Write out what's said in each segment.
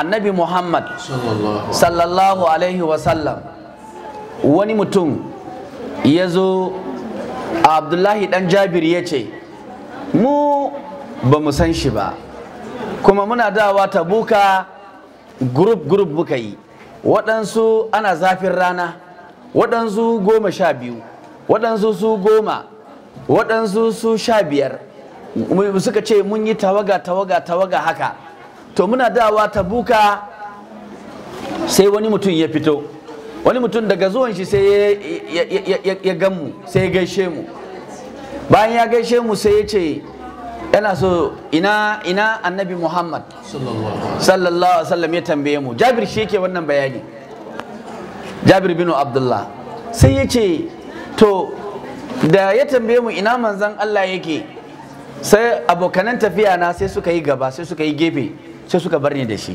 annabi muhammad sallallahu alaihi wasallam wani mutum ya zo abdullahi dan jabir ya ce mu ba mu san shi ba kuma muna dawa ta buka grup grup muka yi waɗansu ana zafin rana waɗansu goma sha biyu waɗansu su goma waɗansu su sha biyar suka ce mun yi tawaga tawaga tawaga haka to muna dawa buka sai wani mutum ya fito wani mutum daga zuwan shi sai ya ganmu sai ya gaishe mu bayan ya gaishe mu sai ya ce yana so ina ina annabi muhammad sallallahu alaihi wasallam ya tambaye mu jabir shi ke wannan bayani jabir bin abdullah sai ya ce to da ya tambaye mu ina manzan allah yake sai abokanan tafiya na sai suka yi gaba sai suka yi gefe sai suka bar ni da shi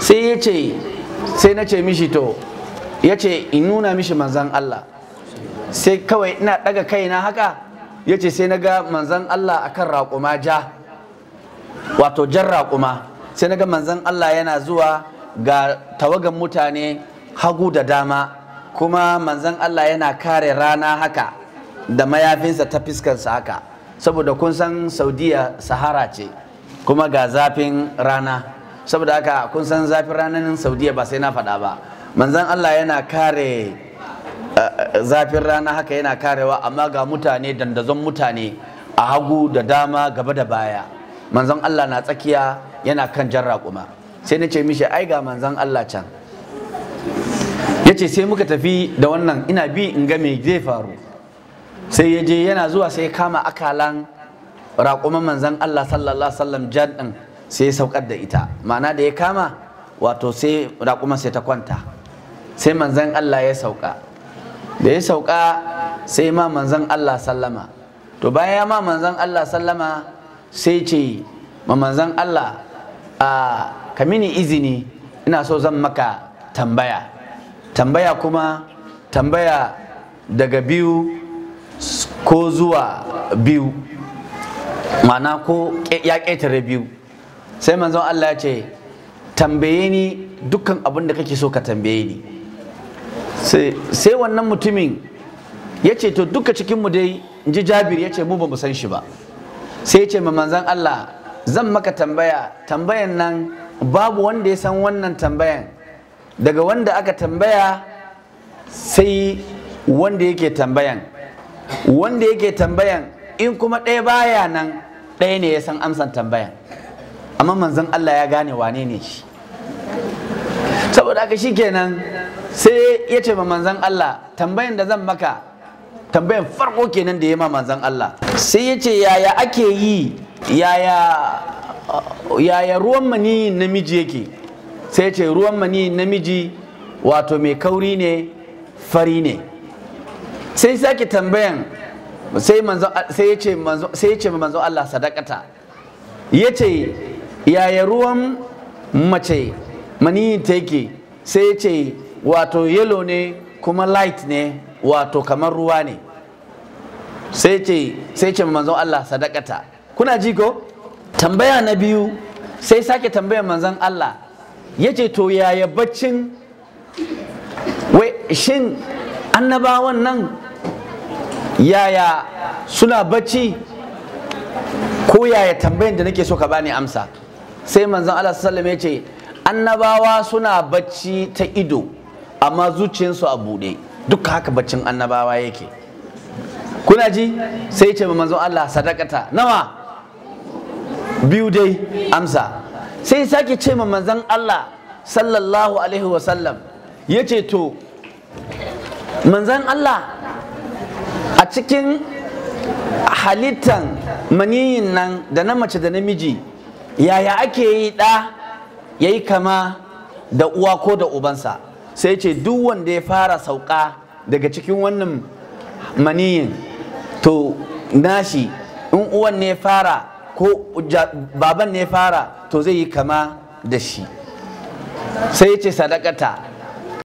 sai ya ce sai na ce mishi to ya ce in nuna mishi manzan Allah sai kawai ina ɗaga kaina haka ya ce sai na ga manzan Allah a kan raƙuma ja wato jan raƙuma sai na ga manzan Allah yana zuwa ga tawagan mutane hagu da dama kuma manzan Allah yana kare rana haka da mayafinsa ta fiskansa haka saboda kun san saudiya sahara ce kuma ga zafin rana saboda haka kun san zafin ranar saudiya ba sai na faɗa ba manzan allah yana kare eh, eh, zafin rana haka yana karewa amma ga mutane dandazon mutane a hagu da dama gaba da baya manzon allah na tsakiya yana kan jan raƙuma sai na ce mishi ai ga manzan allah can ya ce sai muka tafi da wannan ina bi in ga me zai faru sai ya je yana zuwa sai kama akalan raƙuman manzan Allah sallallahu sallam jan ɗin sai ya saukar da ita ma'ana da ya kama wato sai raƙuman sai ta kwanta sai manzan Allah ya sauka da ya sauƙa sai ma manzan Allah sallama to bayan ya ma manzan Allah sallama sai ce ma manzan Allah a kamini izini ina so zan maka tambaya tambaya kuma tambaya daga biyu ko zuwa biyu ma'ana ko ya ƙetare biyu sai manzon Allah ya ce tambaye ni dukkan abin da kake so ka tambaye ni sai wannan mutumin ya ce to duka cikinmu dai in ji jabir ya ce mu ba mu san shi ba sai ya ce ma manzon Allah zan maka tambaya tambayan nan babu wanda ya san wannan tambayan daga wanda aka tambaya sai wanda yake tambayan wanda yake tambayan in kuma ɗaya baya nan ɗaya ne ya san amsan tambayan amma manzan Allah ya gane wane ne shi saboda shi kenan sai ya ce ma manzon Allah tambayan da zan maka tambayan farko kenan da ya ma manzan Allah sai ya ce yaya ake yi yaya ruwan mani namiji yake sai ya ce ruwan mani namiji wato mai kauri ne fari ne sai sake tambayan sai ya ce manzo Allah sadakata Ya ce yaya ruwan mace mani ta yake sai ce wato yellow ne kuma light ne wato kamar ruwa ne sai ce sai ce manzo Allah sadakata kuna ji ko tambaya na biyu sai sake tambayar manzon Allah Ya ce to yaya baccin wai shin annabawan nan yaya suna bacci ko yaya tambayin da nake so ka bani amsa sai manzon Allah sallallahu ya ce annabawa suna bacci ta ido amma zuciyarsu a buɗe duk haka baccin annabawa yake kuna ji sai ce manzon Allah sadakata nawa biyu dai amsa sai sake ce ma manzon Allah sallallahu alaihi wasallam ya ce to manzon Allah a cikin halittan maniyin nan da na mace da namiji yaya ake yi ɗa ya yi kama da uwa ko da ubansa sai ce duk wanda ya fara sauka daga cikin wannan maniyin to nashi in uwan ne fara ko baban ne fara to zai yi kama da shi sai ce sadakata